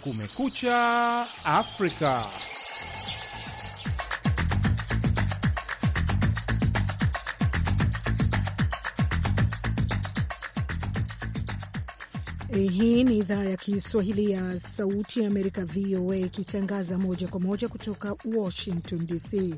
Kumekucha Afrika. Eh, hii ni idhaa ya Kiswahili ya Sauti ya Amerika, VOA, ikitangaza moja kwa moja kutoka Washington DC.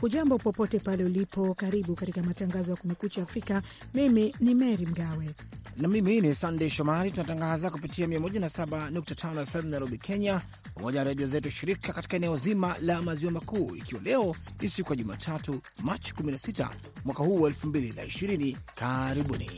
Hujambo popote pale ulipo, karibu katika matangazo ya Kumekucha Afrika. Mimi ni Mary Mgawe na mimi ni Sandey Shomari. Tunatangaza kupitia 107.5 FM Nairobi, Kenya, pamoja na redio zetu shirika katika eneo zima la maziwa makuu, ikiwa leo ni siku ya Jumatatu, Machi 16 mwaka huu wa 2020. Karibuni.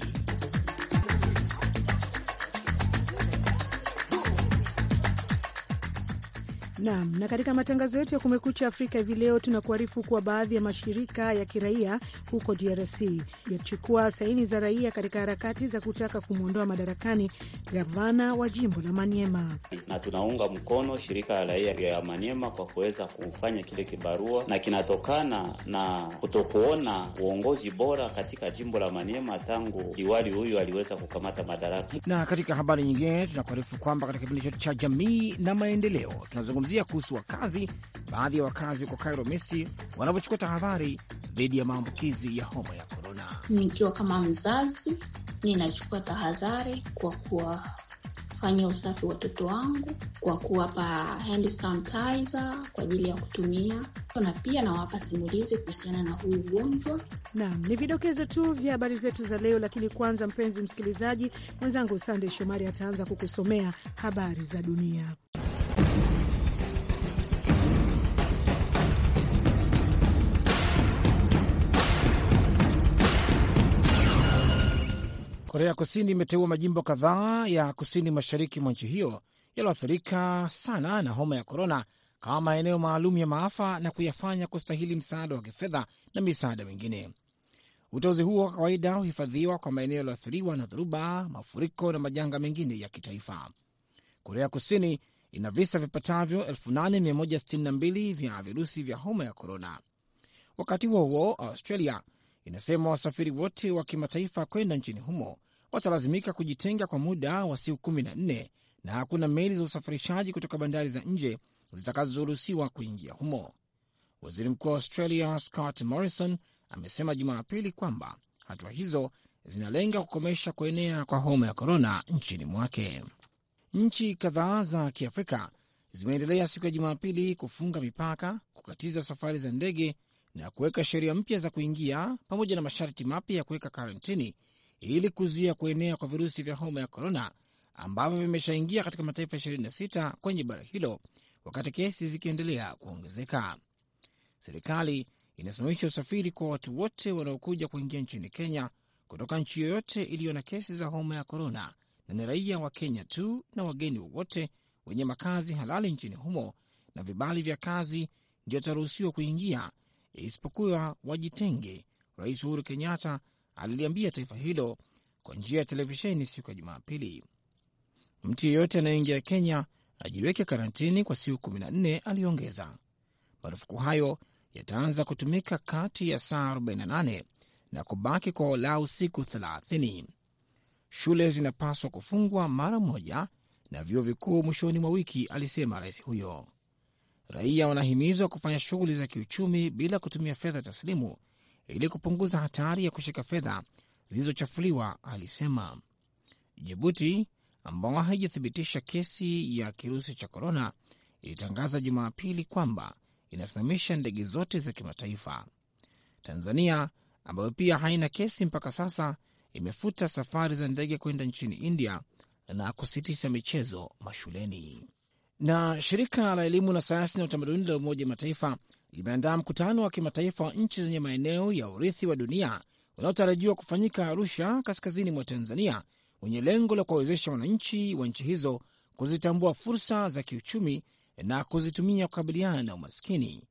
Naam, na katika matangazo yetu ya Kumekucha Afrika hivi leo tunakuarifu kuwa baadhi ya mashirika ya kiraia huko DRC yachukua saini za raia katika harakati za kutaka kumwondoa madarakani gavana wa jimbo la Maniema, na tunaunga mkono shirika la raia ya Maniema kwa kuweza kufanya kile kibarua, na kinatokana na kutokuona uongozi bora katika jimbo la Maniema tangu liwali huyu aliweza kukamata madaraka. Na katika habari nyingine tunakuarifu kwamba katika kipindi chetu cha jamii na maendeleo tunazungumza akizungumzia kuhusu wakazi, baadhi ya wakazi huko Cairo, Misri, wanavyochukua tahadhari dhidi ya maambukizi ya homa ya korona. Nikiwa kama mzazi, ninachukua tahadhari kwa kuwafanyia usafi watoto wangu, kwa kuwapa hand sanitizer kwa ajili ya kutumia na pia nawapa simulizi kuhusiana na huu ugonjwa. Naam, ni vidokezo tu vya habari zetu za leo, lakini kwanza, mpenzi msikilizaji, mwenzangu Sandey Shomari ataanza kukusomea habari za dunia. Korea Kusini imeteua majimbo kadhaa ya kusini mashariki mwa nchi hiyo yaliyoathirika sana na homa ya korona kama maeneo maalum ya maafa na kuyafanya kustahili msaada wa kifedha na misaada mingine. Uteuzi huo wa kawaida huhifadhiwa kwa maeneo yaliyoathiriwa na dhoruba, mafuriko na majanga mengine ya kitaifa. Korea Kusini ina visa vipatavyo 8162 vya virusi vya homa ya korona. Wakati huo huo, Australia inasema wasafiri wote wa kimataifa kwenda nchini humo watalazimika kujitenga kwa muda wa siku kumi na nne na hakuna meli za usafirishaji kutoka bandari za nje zitakazoruhusiwa kuingia humo. Waziri mkuu wa Australia Scott Morrison amesema Jumapili kwamba hatua hizo zinalenga kukomesha kuenea kwa homa ya korona nchini mwake. Nchi kadhaa za Kiafrika zimeendelea siku ya Jumapili kufunga mipaka, kukatiza safari za ndege na kuweka sheria mpya za kuingia pamoja na masharti mapya ya kuweka karantini ili kuzuia kuenea kwa virusi vya homa ya korona ambavyo vimeshaingia katika mataifa 26 kwenye bara hilo, wakati kesi zikiendelea kuongezeka. Serikali inasimamisha usafiri kwa watu wote wanaokuja kuingia nchini Kenya kutoka nchi yoyote iliyo na kesi za homa ya korona, na ni raia wa Kenya tu na wageni wowote wenye makazi halali nchini humo na vibali vya kazi ndio wataruhusiwa kuingia, isipokuwa wajitenge. Rais Uhuru Kenyatta aliliambia taifa hilo kwa njia ya televisheni siku ya Jumapili. Mtu yeyote anayeingia Kenya ajiweke karantini kwa siku 14, aliongeza. Marufuku hayo yataanza kutumika kati ya saa 48 na kubaki kwa walau siku 30. Shule zinapaswa kufungwa mara moja na vyuo vikuu mwishoni mwa wiki, alisema rais huyo. Raia wanahimizwa kufanya shughuli za kiuchumi bila kutumia fedha taslimu ili kupunguza hatari ya kushika fedha zilizochafuliwa, alisema. Jibuti ambao haijathibitisha kesi ya kirusi cha korona ilitangaza Jumapili kwamba inasimamisha ndege zote za kimataifa. Tanzania ambayo pia haina kesi mpaka sasa imefuta safari za ndege kwenda nchini India na kusitisha michezo mashuleni. Na shirika la elimu na sayansi na utamaduni la Umoja Mataifa limeandaa mkutano wa kimataifa wa nchi zenye maeneo ya urithi wa dunia unaotarajiwa kufanyika Arusha, kaskazini mwa Tanzania, wenye lengo la kuwawezesha wananchi wa nchi hizo kuzitambua fursa za kiuchumi na kuzitumia kukabiliana na umaskini,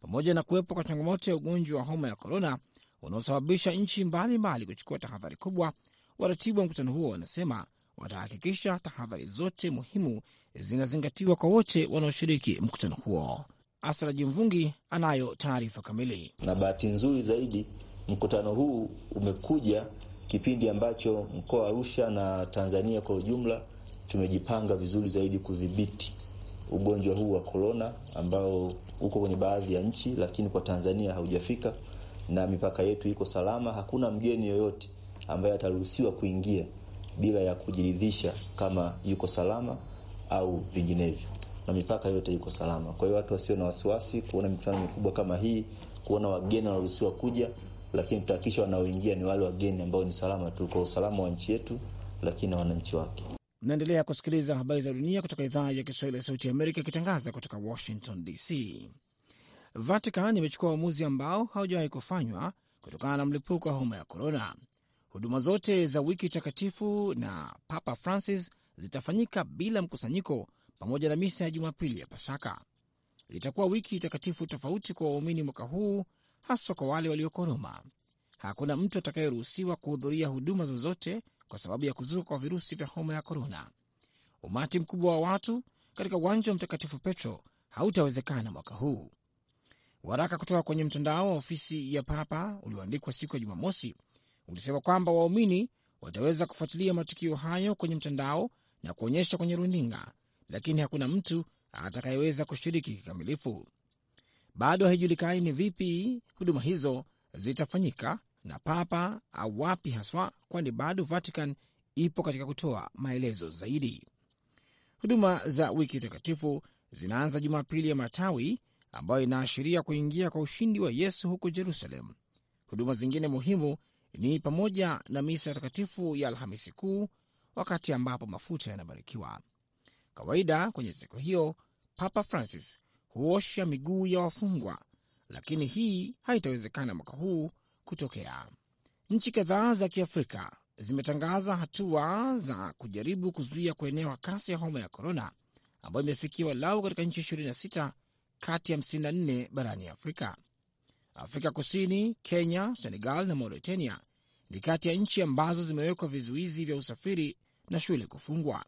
pamoja na kuwepo kwa changamoto ya ugonjwa wa homa ya korona unaosababisha nchi mbalimbali kuchukua tahadhari kubwa. Waratibu wa mkutano huo wanasema watahakikisha tahadhari zote muhimu zinazingatiwa kwa wote wanaoshiriki mkutano huo. Asraji Mvungi anayo taarifa kamili. Na bahati nzuri zaidi mkutano huu umekuja kipindi ambacho mkoa wa Arusha na Tanzania kwa ujumla tumejipanga vizuri zaidi kudhibiti ugonjwa huu wa korona ambao uko kwenye baadhi ya nchi, lakini kwa Tanzania haujafika, na mipaka yetu iko salama. Hakuna mgeni yoyote ambaye ataruhusiwa kuingia bila ya kujiridhisha kama yuko salama au vinginevyo na mipaka yote iko salama. Kwa hiyo watu wasio na wasiwasi kuona mikutano mikubwa kama hii, kuona wageni wanaruhusiwa kuja, lakini tutahakikisha wanaoingia ni wale wageni ambao ni salama tu kwa usalama wa nchi yetu, lakini na wananchi wake. Naendelea kusikiliza habari za dunia kutoka idhaa ya Kiswahili ya Sauti ya Amerika ikitangaza kutoka Washington DC. Vatican imechukua uamuzi ambao haujawahi kufanywa kutokana na mlipuko wa homa ya korona. Huduma zote za wiki takatifu na Papa Francis zitafanyika bila mkusanyiko pamoja na misa ya Jumapili ya Pasaka. Itakuwa wiki takatifu tofauti kwa waumini mwaka huu, haswa kwa wale walioko Roma. Hakuna mtu atakayeruhusiwa kuhudhuria huduma zozote kwa sababu ya kuzuka kwa virusi vya homa ya korona. Umati mkubwa wa watu katika uwanja wa Mtakatifu Petro hautawezekana mwaka huu. Waraka kutoka kwenye mtandao wa ofisi ya Papa ulioandikwa siku ya Jumamosi ulisema kwamba waumini wataweza kufuatilia matukio hayo kwenye mtandao na kuonyesha kwenye runinga lakini hakuna mtu atakayeweza kushiriki kikamilifu. Bado haijulikani ni vipi huduma hizo zitafanyika na papa au wapi haswa, kwani bado Vatican ipo katika kutoa maelezo zaidi. Huduma za wiki takatifu zinaanza Jumapili ya Matawi, ambayo inaashiria kuingia kwa ushindi wa Yesu huko Jerusalem. Huduma zingine muhimu ni pamoja na misa takatifu ya Alhamisi Kuu, wakati ambapo mafuta yanabarikiwa. Kawaida kwenye siku hiyo Papa Francis huosha miguu ya wafungwa, lakini hii haitawezekana mwaka huu kutokea. Nchi kadhaa za Kiafrika zimetangaza hatua za kujaribu kuzuia kuenea kwa kasi ya homa ya korona ambayo imefikiwa lau katika nchi 26 kati ya 54 barani Afrika. Afrika Kusini, Kenya, Senegal na Mauritania ni kati ya nchi ambazo zimewekwa vizuizi vya usafiri na shule kufungwa.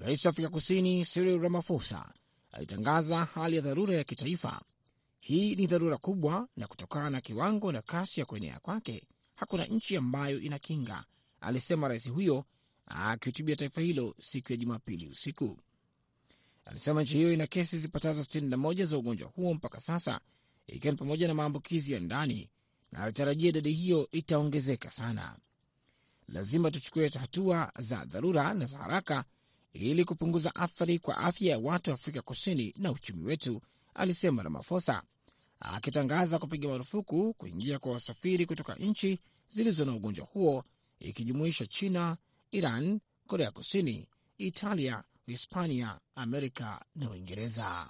Rais wa Afrika Kusini Cyril Ramaphosa alitangaza hali ya dharura ya kitaifa. Hii ni dharura kubwa, na kutokana na kiwango na kasi ya kuenea kwake hakuna nchi ambayo ina kinga, alisema rais huyo akihutubia taifa hilo siku ya Jumapili usiku. Alisema nchi hiyo ina kesi zipatazo 61 za ugonjwa huo mpaka sasa, ikiwa ni pamoja na maambukizi ya ndani, na alitarajia idadi hiyo itaongezeka sana. Lazima tuchukue hatua za dharura na za haraka ili kupunguza athari kwa afya ya watu wa Afrika Kusini na uchumi wetu, alisema ramafosa akitangaza kupiga marufuku kuingia kwa wasafiri kutoka nchi zilizo na ugonjwa huo ikijumuisha China, Iran, Korea Kusini, Italia, Hispania, Amerika na Uingereza.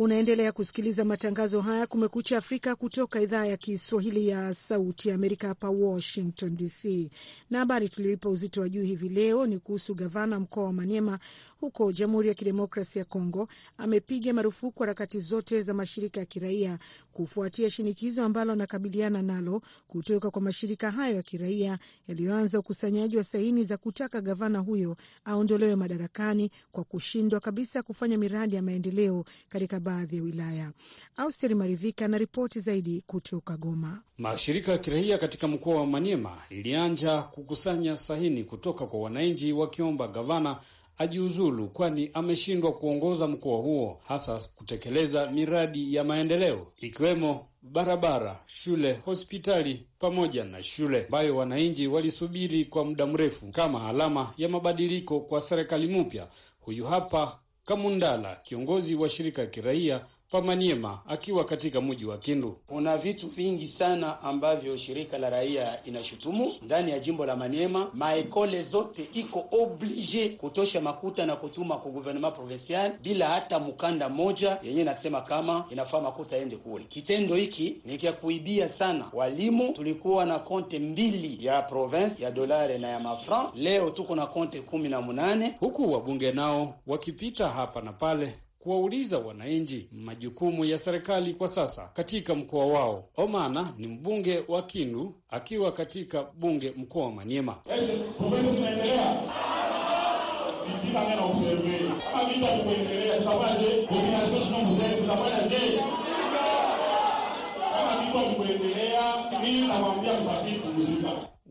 Unaendelea kusikiliza matangazo haya Kumekucha Afrika kutoka idhaa ya Kiswahili ya Sauti ya Amerika hapa Washington DC, na habari tuliyoipa uzito wa juu hivi leo ni kuhusu gavana mkoa wa Maniema huko Jamhuri ya Kidemokrasi ya Kongo amepiga marufuku harakati zote za mashirika ya kiraia kufuatia shinikizo ambalo anakabiliana nalo kutoka kwa mashirika hayo ya kiraia yaliyoanza ukusanyaji wa saini za kutaka gavana huyo aondolewe madarakani kwa kushindwa kabisa kufanya miradi ya maendeleo katika baadhi ya wilaya. Austeri Marivika na ripoti zaidi kutoka Goma. Mashirika ya kiraia katika mkoa wa Manyema ilianja kukusanya sahini kutoka kwa wananchi wakiomba gavana ajiuzulu kwani ameshindwa kuongoza mkoa huo hasa kutekeleza miradi ya maendeleo ikiwemo barabara, shule, hospitali pamoja na shule ambayo wananchi walisubiri kwa muda mrefu kama alama ya mabadiliko kwa serikali mpya. Huyu hapa Kamundala, kiongozi wa shirika ya kiraia Pamaniema akiwa katika mji wa Kindu. Kuna vitu vingi sana ambavyo shirika la raia inashutumu ndani ya jimbo la Maniema. Maekole zote iko oblige kutosha makuta na kutuma ku gouvernement provincial bila hata mkanda moja yenye nasema kama inafaa makuta aende kule. Kitendo hiki ni cha kuibia sana walimu. Tulikuwa na konte mbili ya province ya dolare na ya mafran, leo tuko na konte kumi na munane, huku wabunge nao wakipita hapa na pale kuwauliza wananchi majukumu ya serikali kwa sasa katika mkoa wao. Omana ni mbunge wa Kindu akiwa katika bunge mkoa wa Maniema.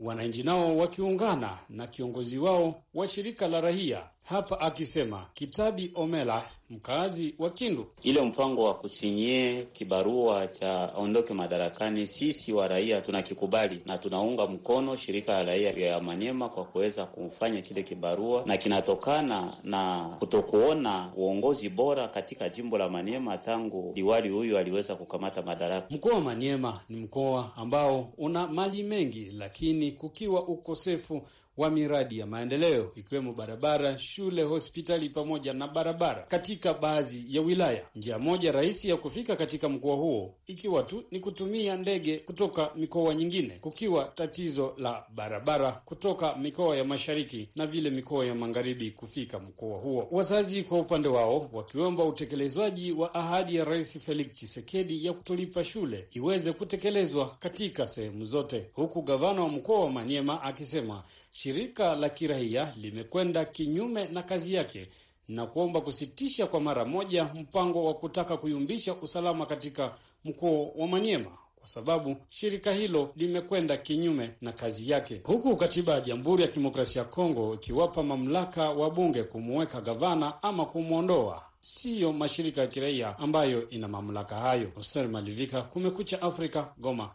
Wananchi nao wakiungana na kiongozi wao wa shirika la rahia hapa akisema Kitabi Omela, mkazi wa Kindu, ile mpango wa kusinyie kibarua cha aondoke madarakani, sisi wa raia tunakikubali na tunaunga mkono shirika la raia ya Manyema kwa kuweza kufanya kile kibarua, na kinatokana na kutokuona uongozi bora katika jimbo la Manyema tangu diwali huyu aliweza kukamata madaraka. Mkoa wa Manyema ni mkoa ambao una mali mengi, lakini kukiwa ukosefu wa miradi ya maendeleo ikiwemo barabara, shule, hospitali pamoja na barabara katika baadhi ya wilaya. Njia moja rahisi ya kufika katika mkoa huo ikiwa tu ni kutumia ndege kutoka mikoa nyingine, kukiwa tatizo la barabara kutoka mikoa ya mashariki na vile mikoa ya magharibi kufika mkoa huo. Wazazi kwa upande wao wakiomba utekelezwaji wa ahadi ya Rais Felix Tshisekedi ya kutolipa shule iweze kutekelezwa katika sehemu zote, huku gavana wa mkoa wa Maniema akisema shirika la kiraia limekwenda kinyume na kazi yake na kuomba kusitisha kwa mara moja mpango wa kutaka kuyumbisha usalama katika mkoa wa Maniema kwa sababu shirika hilo limekwenda kinyume na kazi yake, huku katiba ya Jamhuri ya Kidemokrasia ya Kongo ikiwapa mamlaka wa bunge kumuweka gavana ama kumwondoa. Siyo mashirika ya kiraia ambayo ina mamlaka hayo. Hoser Malivika, Kumekucha Afrika, Goma.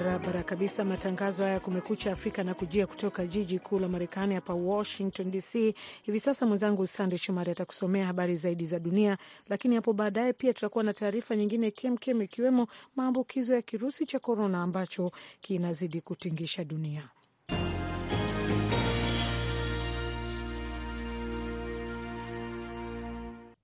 Barabara kabisa. Matangazo haya Kumekucha Afrika na kujia kutoka jiji kuu la Marekani, hapa Washington DC. Hivi sasa mwenzangu Sande Shomari atakusomea habari zaidi za dunia, lakini hapo baadaye pia tutakuwa na taarifa nyingine kemkem, ikiwemo maambukizo ya kirusi cha korona ambacho kinazidi kutingisha dunia.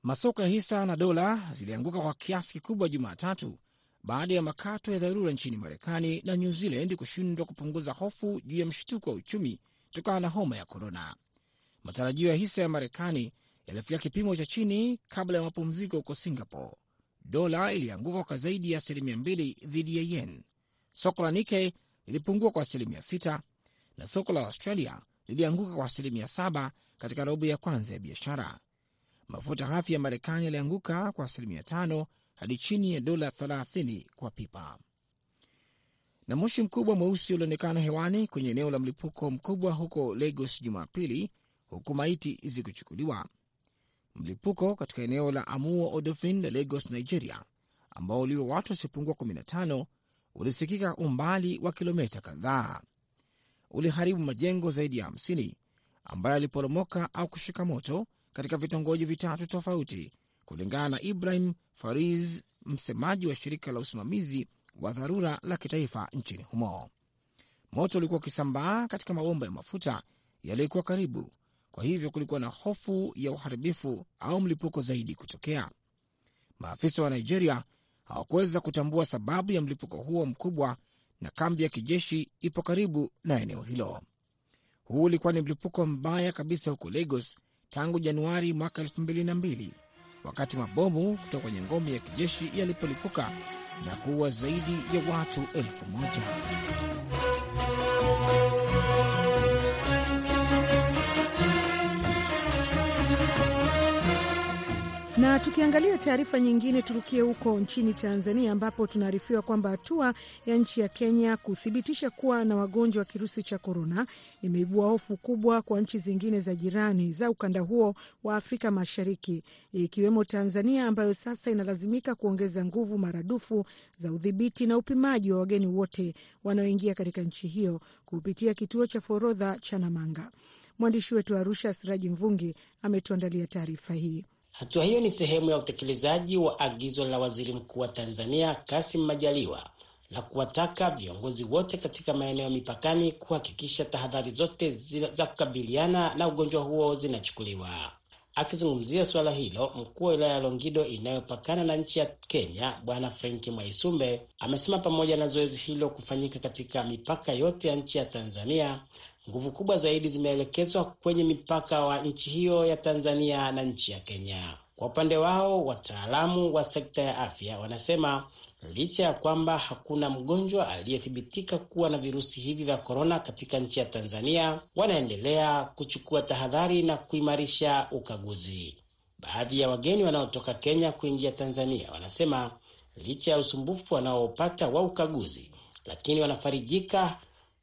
Masoko ya hisa na dola zilianguka kwa kiasi kikubwa Jumatatu baada ya makato ya dharura nchini Marekani na New Zealand kushindwa kupunguza hofu juu ya mshtuko wa uchumi kutokana na homa ya korona. Matarajio ya hisa ya Marekani yalifikia kipimo cha chini kabla ya mapumziko huko Singapore. Dola ilianguka kwa zaidi ya asilimia mbili dhidi ya yen. Soko la nike lilipungua kwa asilimia sita na soko la Australia lilianguka kwa asilimia saba katika robo ya kwanza ya biashara. Mafuta ghafi ya Marekani yalianguka kwa asilimia tano hadi chini ya dola 30 kwa pipa. Na moshi mkubwa mweusi ulionekana hewani kwenye eneo la mlipuko mkubwa huko Lagos Jumapili, huku maiti zikichukuliwa. Mlipuko katika eneo la Amuo Odofin la Lagos, Nigeria, ambao uliwa watu wasiopungua 15 ulisikika umbali wa kilomita kadhaa. Uliharibu majengo zaidi ya 50 ambayo yaliporomoka au kushika moto katika vitongoji vitatu tofauti kulingana na Ibrahim Fariz, msemaji wa shirika la usimamizi wa dharura la kitaifa nchini humo. Moto ulikuwa ukisambaa katika mabomba ya mafuta yaliyokuwa karibu, kwa hivyo kulikuwa na hofu ya uharibifu au mlipuko zaidi kutokea. Maafisa wa Nigeria hawakuweza kutambua sababu ya mlipuko huo mkubwa, na kambi ya kijeshi ipo karibu na eneo hilo. Huu ulikuwa ni mlipuko mbaya kabisa huko Lagos tangu Januari mwaka elfu mbili na mbili wakati mabomu kutoka kwenye ngome ya kijeshi yalipolipuka na kuua zaidi ya watu elfu moja. Na tukiangalia taarifa nyingine, turukie huko nchini Tanzania ambapo tunaarifiwa kwamba hatua ya nchi ya Kenya kuthibitisha kuwa na wagonjwa wa kirusi cha korona imeibua hofu kubwa kwa nchi zingine za jirani za ukanda huo wa Afrika Mashariki, ikiwemo Tanzania ambayo sasa inalazimika kuongeza nguvu maradufu za udhibiti na upimaji wa wageni wote wanaoingia katika nchi hiyo kupitia kituo cha forodha cha Namanga. Mwandishi wetu Arusha, Siraji Mvungi, ametuandalia taarifa hii. Hatua hiyo ni sehemu ya utekelezaji wa agizo la waziri mkuu wa Tanzania Kasim Majaliwa la kuwataka viongozi wote katika maeneo ya mipakani kuhakikisha tahadhari zote za kukabiliana na ugonjwa huo zinachukuliwa. Akizungumzia suala hilo, mkuu wa wilaya ya Longido inayopakana na nchi ya Kenya, Bwana Frenki Mwaisumbe amesema pamoja na zoezi hilo kufanyika katika mipaka yote ya nchi ya Tanzania, Nguvu kubwa zaidi zimeelekezwa kwenye mipaka wa nchi hiyo ya Tanzania na nchi ya Kenya. Kwa upande wao, wataalamu wa sekta ya afya wanasema licha ya kwamba hakuna mgonjwa aliyethibitika kuwa na virusi hivi vya korona katika nchi ya Tanzania, wanaendelea kuchukua tahadhari na kuimarisha ukaguzi. Baadhi ya wageni wanaotoka Kenya kuingia Tanzania wanasema licha ya usumbufu wanaopata wa ukaguzi, lakini wanafarijika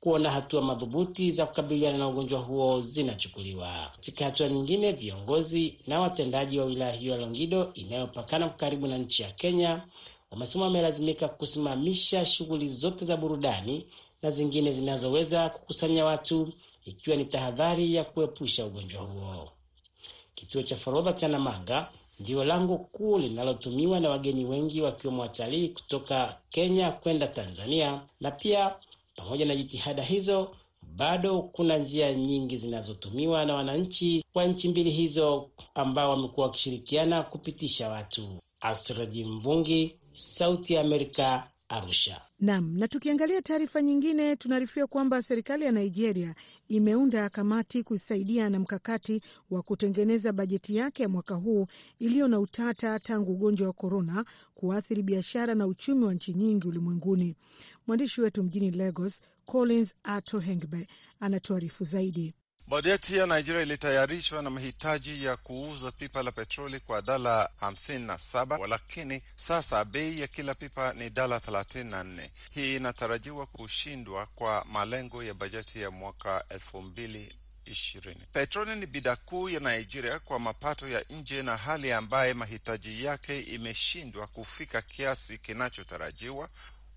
kuona hatua madhubuti za kukabiliana na ugonjwa huo zinachukuliwa. Katika hatua nyingine, viongozi na watendaji wa wilaya hiyo ya Longido inayopakana kwa karibu na nchi ya Kenya wamesema wamelazimika kusimamisha shughuli zote za burudani na zingine zinazoweza kukusanya watu ikiwa ni tahadhari ya kuepusha ugonjwa huo. Kituo cha forodha cha Namanga ndio lango kuu linalotumiwa na wageni wengi wakiwemo watalii kutoka Kenya kwenda Tanzania na pia pamoja na jitihada hizo, bado kuna njia nyingi zinazotumiwa na wananchi wa nchi mbili hizo ambao wamekuwa wakishirikiana kupitisha watu. Asraji Mvungi, Sauti ya Amerika, Arusha. Naam, na tukiangalia taarifa nyingine, tunaarifiwa kwamba serikali ya Nigeria imeunda kamati kusaidia na mkakati wa kutengeneza bajeti yake ya mwaka huu iliyo na utata tangu ugonjwa wa korona kuathiri biashara na uchumi wa nchi nyingi ulimwenguni. Mwandishi wetu mjini Lagos, Collins Ato Hengbe, anatuarifu zaidi. Bajeti ya Nigeria ilitayarishwa na mahitaji ya kuuza pipa la petroli kwa dala 57, lakini sasa bei ya kila pipa ni dala 34. Hii inatarajiwa kushindwa kwa malengo ya bajeti ya mwaka elfu mbili ishirini. Petroli ni bidhaa kuu ya Nigeria kwa mapato ya nje na hali ambaye mahitaji yake imeshindwa kufika kiasi kinachotarajiwa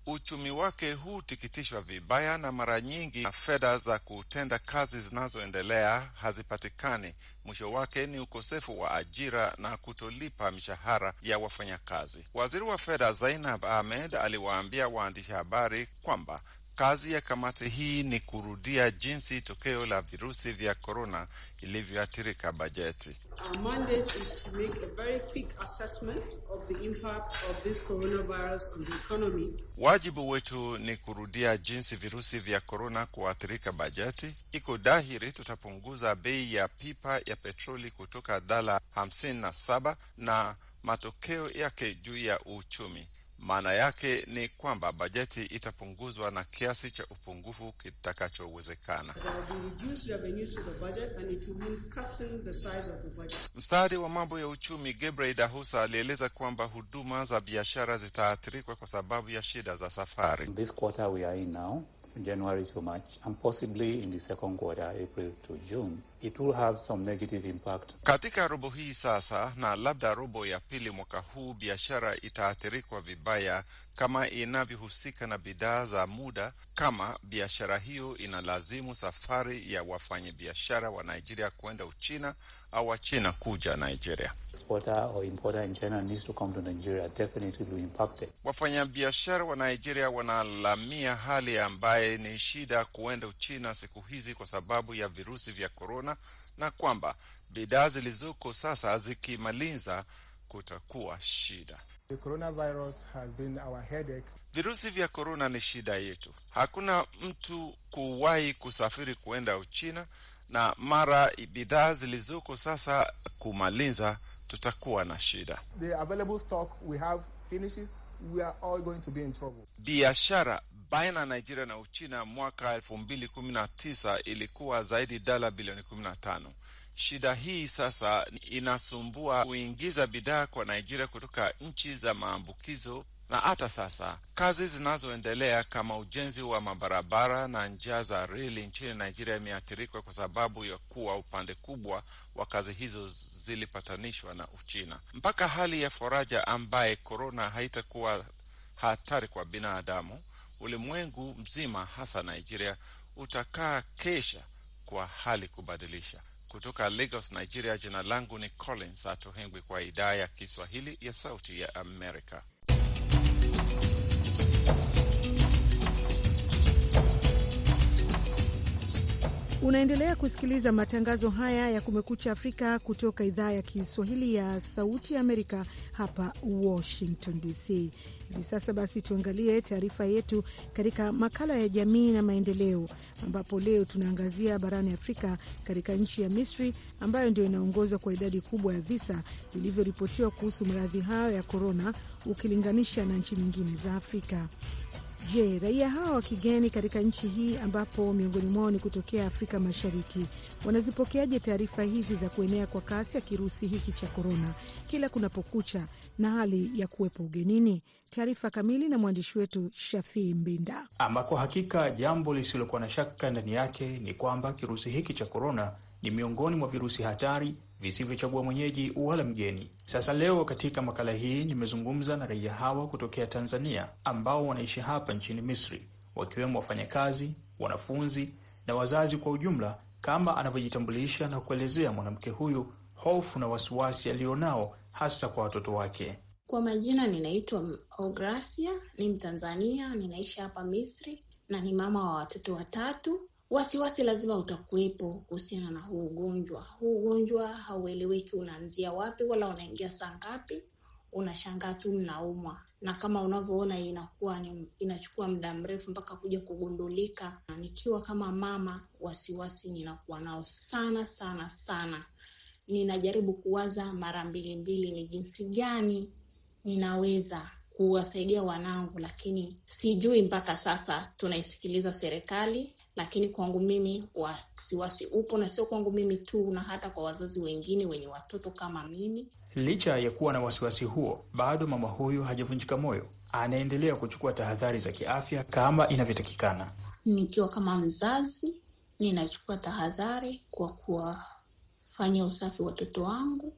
uchumi wake hutikitishwa vibaya, na mara nyingi na fedha za kutenda kazi zinazoendelea hazipatikani. Mwisho wake ni ukosefu wa ajira na kutolipa mishahara ya wafanyakazi. Waziri wa fedha Zainab Ahmed aliwaambia waandishi habari kwamba Kazi ya kamati hii ni kurudia jinsi tokeo la virusi vya korona ilivyoathirika bajeti. Wajibu wetu ni kurudia jinsi virusi vya korona kuathirika bajeti. Iko dhahiri tutapunguza bei ya pipa ya petroli kutoka dala 57 na matokeo yake juu ya uchumi maana yake ni kwamba bajeti itapunguzwa na kiasi cha upungufu kitakachowezekana. Mstari wa mambo ya uchumi Gabriel Dahusa alieleza kwamba huduma za biashara zitaathirika kwa sababu ya shida za safari This January to March and possibly in the second quarter, April to June, it will have some negative impact. Katika robo hii sasa na labda robo ya pili mwaka huu biashara itaathirikwa vibaya kama inavyohusika na bidhaa za muda, kama biashara hiyo inalazimu safari ya wafanyabiashara wa Nigeria kwenda Uchina au Wachina kuja Nigeria. Wafanyabiashara wa Nigeria wanalamia hali ambaye ni shida kuenda Uchina siku hizi kwa sababu ya virusi vya korona, na kwamba bidhaa zilizoko sasa zikimaliza kutakuwa shida. The coronavirus has been our headache. Virusi vya korona ni shida yetu. Hakuna mtu kuwahi kusafiri kuenda Uchina, na mara bidhaa zilizoko sasa kumaliza, tutakuwa na shida. The available stock we have finishes, we are all going to be in trouble. Biashara baina ya Nigeria na Uchina mwaka elfu mbili kumi na tisa ilikuwa zaidi dola bilioni kumi na tano. Shida hii sasa inasumbua kuingiza bidhaa kwa Nigeria kutoka nchi za maambukizo na hata sasa kazi zinazoendelea kama ujenzi wa mabarabara na njia za reli nchini Nigeria imeathirika kwa sababu ya kuwa upande kubwa wa kazi hizo zilipatanishwa na Uchina. Mpaka hali ya faraja ambaye korona haitakuwa hatari kwa binadamu, ulimwengu mzima, hasa Nigeria, utakaa kesha kwa hali kubadilisha kutoka Lagos, Nigeria, jina langu ni Collins Atohengwi kwa idhaa ya Kiswahili ya Sauti ya Amerika. Unaendelea kusikiliza matangazo haya ya Kumekucha Afrika kutoka idhaa ya Kiswahili ya Sauti ya Amerika hapa Washington DC. Hivi sasa basi, tuangalie taarifa yetu katika makala ya jamii na maendeleo, ambapo leo tunaangazia barani Afrika katika nchi ya Misri ambayo ndio inaongozwa kwa idadi kubwa ya visa vilivyoripotiwa kuhusu maradhi hayo ya korona ukilinganisha na nchi nyingine za Afrika. Je, raia hawa wa kigeni katika nchi hii ambapo miongoni mwao ni kutokea Afrika Mashariki wanazipokeaje taarifa hizi za kuenea kwa kasi ya kirusi hiki cha korona kila kunapokucha na hali ya kuwepo ugenini? Taarifa kamili na mwandishi wetu Shafii Mbinda. Ama kwa hakika jambo lisilokuwa na shaka ndani yake ni kwamba kirusi hiki cha korona ni miongoni mwa virusi hatari visivyochagua mwenyeji wala mgeni. Sasa leo katika makala hii nimezungumza na raia hawa kutokea Tanzania ambao wanaishi hapa nchini Misri, wakiwemo wafanyakazi, wanafunzi na wazazi kwa ujumla, kama anavyojitambulisha na kuelezea mwanamke huyu hofu na wasiwasi alionao hasa kwa watoto wake. Kwa majina ninaitwa Ogracia, ni Mtanzania, ninaishi hapa Misri na ni mama wa watoto watatu wasiwasi lazima utakuwepo kuhusiana na huu ugonjwa. Huu ugonjwa haueleweki unaanzia wapi wala unaingia saa ngapi, unashangaa tu mnaumwa, na kama unavyoona inakuwa ni, inachukua muda mrefu mpaka kuja kugundulika. Na nikiwa kama mama, wasiwasi ninakuwa nao sana sana sana, ninajaribu kuwaza mara mbili mbili ni jinsi gani ninaweza kuwasaidia wanangu, lakini sijui mpaka sasa. Tunaisikiliza serikali lakini kwangu mimi wasiwasi upo, na sio kwangu mimi tu, na hata kwa wazazi wengine wenye watoto kama mimi. Licha ya kuwa na wasiwasi huo, bado mama huyu hajavunjika moyo, anaendelea kuchukua tahadhari za kiafya kama inavyotakikana. Nikiwa kama mzazi, ninachukua tahadhari kwa kuwafanyia usafi watoto wangu,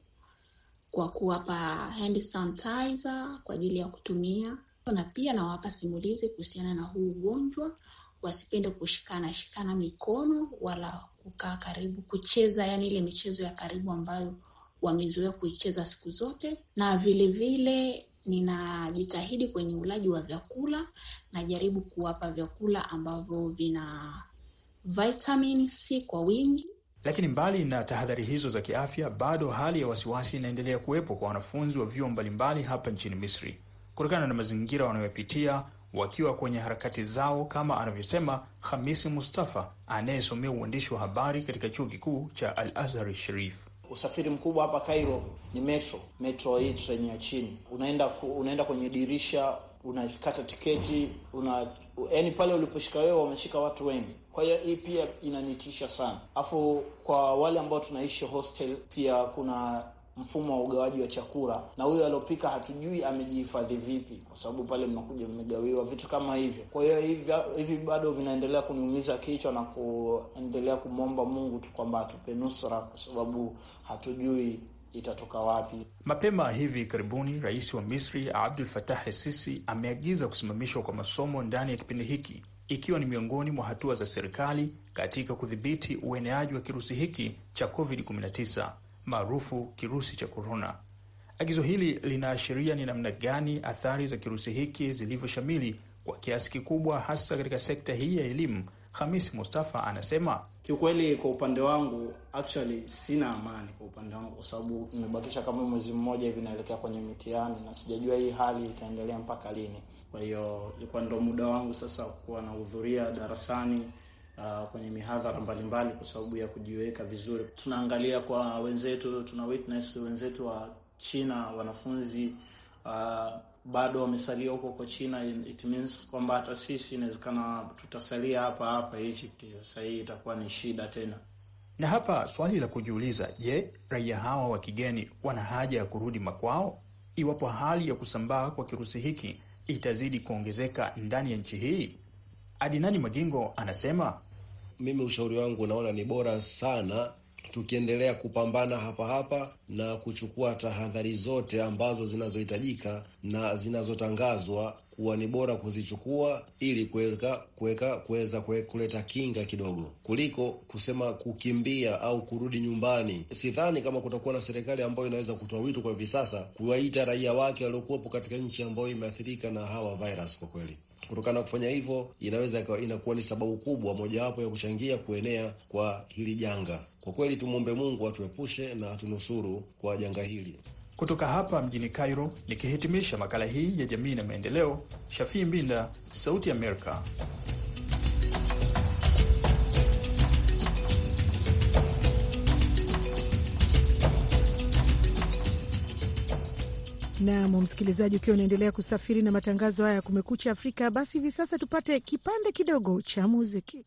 kwa kuwapa hand sanitizer kwa ajili ya kutumia, na pia nawapa simulizi kuhusiana na huu ugonjwa wasipende kushikana shikana mikono wala kukaa karibu, kucheza yani ile michezo ya karibu ambayo wamezoea kuicheza siku zote. Na vilevile ninajitahidi kwenye ulaji wa vyakula, najaribu kuwapa vyakula ambavyo vina vitamin C kwa wingi. Lakini mbali na tahadhari hizo za kiafya, bado hali ya wasiwasi inaendelea kuwepo kwa wanafunzi wa vyuo mbalimbali hapa nchini Misri kutokana na mazingira wanayopitia wakiwa kwenye harakati zao, kama anavyosema Hamisi Mustafa anayesomea uandishi wa habari katika chuo kikuu cha Al Azhar Sharif. Usafiri mkubwa hapa Cairo ni metro. Metro hii treni ya chini, unaenda unaenda kwenye dirisha, unakata tiketi, una yaani pale uliposhika wewe wameshika watu wengi. Kwa hiyo hii pia inanitisha sana, afu kwa wale ambao tunaishi hostel pia kuna mfumo wa ugawaji wa chakula, na huyo aliopika hatujui amejihifadhi vipi, kwa sababu pale mnakuja mmegawiwa vitu kama hivyo. Kwa hiyo hivi, hivi bado vinaendelea kuniumiza kichwa na kuendelea kumwomba Mungu tu kwamba atupe nusura, kwa sababu hatujui itatoka wapi. Mapema hivi karibuni, rais wa Misri Abdul Fatah sisi ameagiza kusimamishwa kwa masomo ndani ya kipindi hiki ikiwa ni miongoni mwa hatua za serikali katika kudhibiti ueneaji wa kirusi hiki cha COVID-19 maarufu kirusi cha korona. Agizo hili linaashiria ni namna gani athari za kirusi hiki zilivyoshamili kwa kiasi kikubwa, hasa katika sekta hii ya elimu. hamis Mustafa anasema kiukweli, kwa upande wangu actually sina amani kwa upande wangu, kwa sababu imebakisha kama mwezi mmoja hivi naelekea kwenye mitihani na sijajua hii hali itaendelea mpaka lini. Kwa hiyo ilikuwa ndo muda wangu sasa kuwa nahudhuria darasani uh, kwenye mihadhara mbalimbali kwa sababu ya kujiweka vizuri. Tunaangalia kwa wenzetu, tuna witness wenzetu wa China wanafunzi uh, bado wamesalia huko kwa China. It means kwamba hata sisi inawezekana tutasalia hapa hapa Egypt. Sasa hii itakuwa ni shida tena, na hapa swali la kujiuliza, je, raia hawa wa kigeni wana haja ya kurudi makwao iwapo hali ya kusambaa kwa kirusi hiki itazidi kuongezeka ndani ya nchi hii? Adinani Magingo anasema mimi ushauri wangu naona ni bora sana tukiendelea kupambana hapa hapa na kuchukua tahadhari zote ambazo zinazohitajika na zinazotangazwa huwa ni bora kuzichukua ili kuweka kuweka kuweza kuleta kinga kidogo kuliko kusema kukimbia au kurudi nyumbani. Sidhani kama kutakuwa na serikali ambayo inaweza kutoa wito kwa hivi sasa kuwaita raia wake waliokuwepo katika nchi ambayo imeathirika na hawa virus. Kwa kweli kutokana na kufanya hivyo inaweza inakuwa ni sababu kubwa mojawapo ya kuchangia kuenea kwa hili janga. Kwa kweli tumwombe Mungu atuepushe na atunusuru kwa janga hili. Kutoka hapa mjini Cairo, nikihitimisha makala hii ya jamii na maendeleo, Shafii Mbinda, Sauti ya Amerika. Nam msikilizaji, ukiwa unaendelea kusafiri na matangazo haya ya Kumekucha Afrika, basi hivi sasa tupate kipande kidogo cha muziki.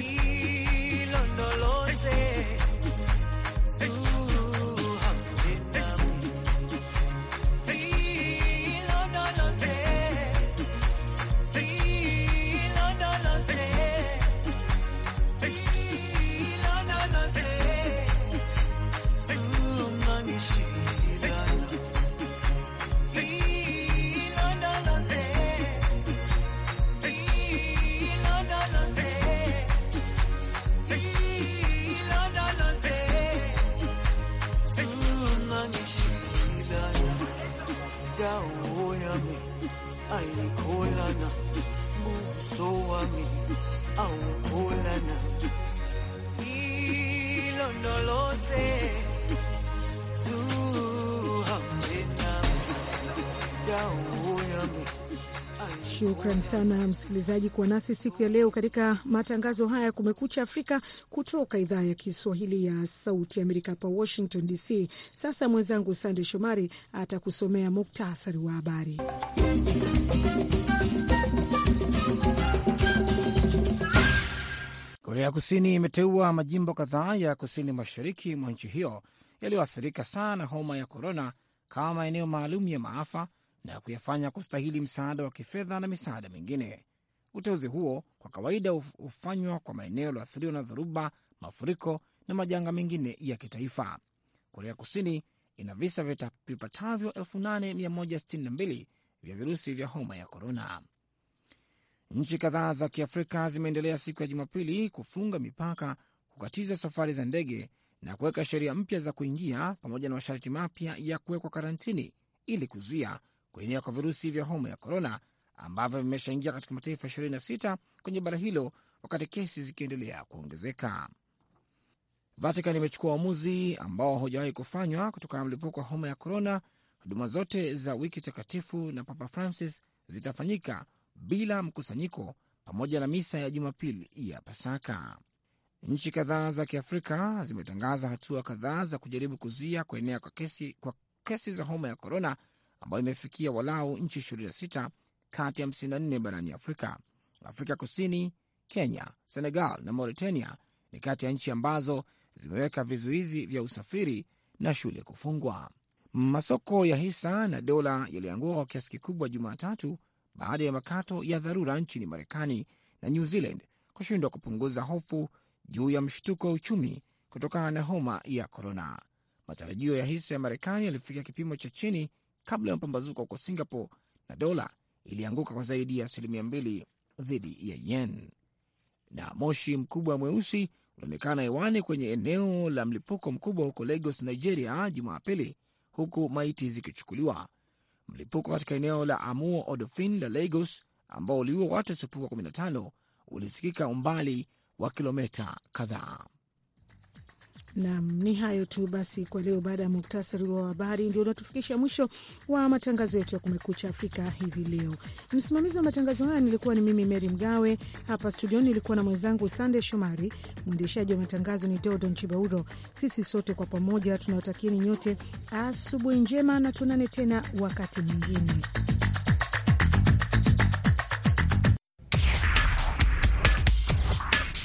tranquilo, no lo Shukran sana msikilizaji kuwa nasi siku ya leo katika matangazo haya ya Kumekucha Afrika kutoka idhaa ya Kiswahili ya Sauti Amerika hapa Washington DC. Sasa mwenzangu Sande Shomari atakusomea muktasari wa habari. Korea Kusini imeteua majimbo kadhaa ya kusini mashariki mwa nchi hiyo yaliyoathirika sana homa ya korona kama maeneo maalum ya maafa na kuyafanya kustahili msaada wa kifedha na misaada mingine. Uteuzi huo kwa kawaida hufanywa kwa maeneo yaliyoathiriwa na dhoruba, mafuriko na majanga mengine ya kitaifa. Korea Kusini ina visa vipatavyo 8162 vya virusi vya homa ya korona. Nchi kadhaa za Kiafrika zimeendelea siku ya Jumapili kufunga mipaka, kukatiza safari za ndege na kuweka sheria mpya za kuingia pamoja na masharti mapya ya kuwekwa karantini ili kuzuia kuenea kwa virusi vya homa ya korona ambavyo vimeshaingia katika mataifa 26 kwenye bara hilo wakati kesi zikiendelea kuongezeka. Vatican imechukua uamuzi ambao haujawahi kufanywa kutokana na mlipuko wa homa ya korona. Huduma zote za wiki takatifu na Papa Francis zitafanyika bila mkusanyiko pamoja na misa ya Jumapili ya Pasaka. Nchi kadhaa za Kiafrika zimetangaza hatua kadhaa za kujaribu kuzuia kuenea kwa kesi, kwa kesi za homa ya korona ambayo imefikia walau nchi 26 kati ya 54 barani Afrika. Afrika Kusini, Kenya, Senegal na Mauritania ni kati ya nchi ambazo zimeweka vizuizi vya usafiri na shule kufungwa. Masoko ya hisa na dola yalianguka kwa kiasi kikubwa Jumatatu baada ya makato ya dharura nchini Marekani na New Zealand kushindwa kupunguza hofu juu ya mshtuko wa uchumi kutokana na homa ya korona. Matarajio ya hisa ya Marekani yalifikia kipimo cha chini kabla ya mapambazuko huko Singapore, na dola ilianguka kwa zaidi ya asilimia mbili dhidi ya yen. Na moshi mkubwa mweusi ulionekana hewani kwenye eneo la mlipuko mkubwa huko Lagos, Nigeria, Jumapili, huku maiti zikichukuliwa. Mlipuko katika eneo la Amuo Odofin la Lagos, ambao uliua watu wasiopungua 15 ulisikika umbali wa kilometa kadhaa. Nam, ni hayo tu basi kwa leo. Baada ya muktasari wa habari, ndio unatufikisha mwisho wa matangazo yetu ya Kumekucha Afrika hivi leo. Msimamizi wa matangazo haya nilikuwa ni mimi Meri Mgawe, hapa studioni nilikuwa na mwenzangu Sande Shomari, mwendeshaji wa matangazo ni dodo Nchibauro. Sisi sote kwa pamoja tunawatakieni nyote asubuhi njema na tuonane tena wakati mwingine.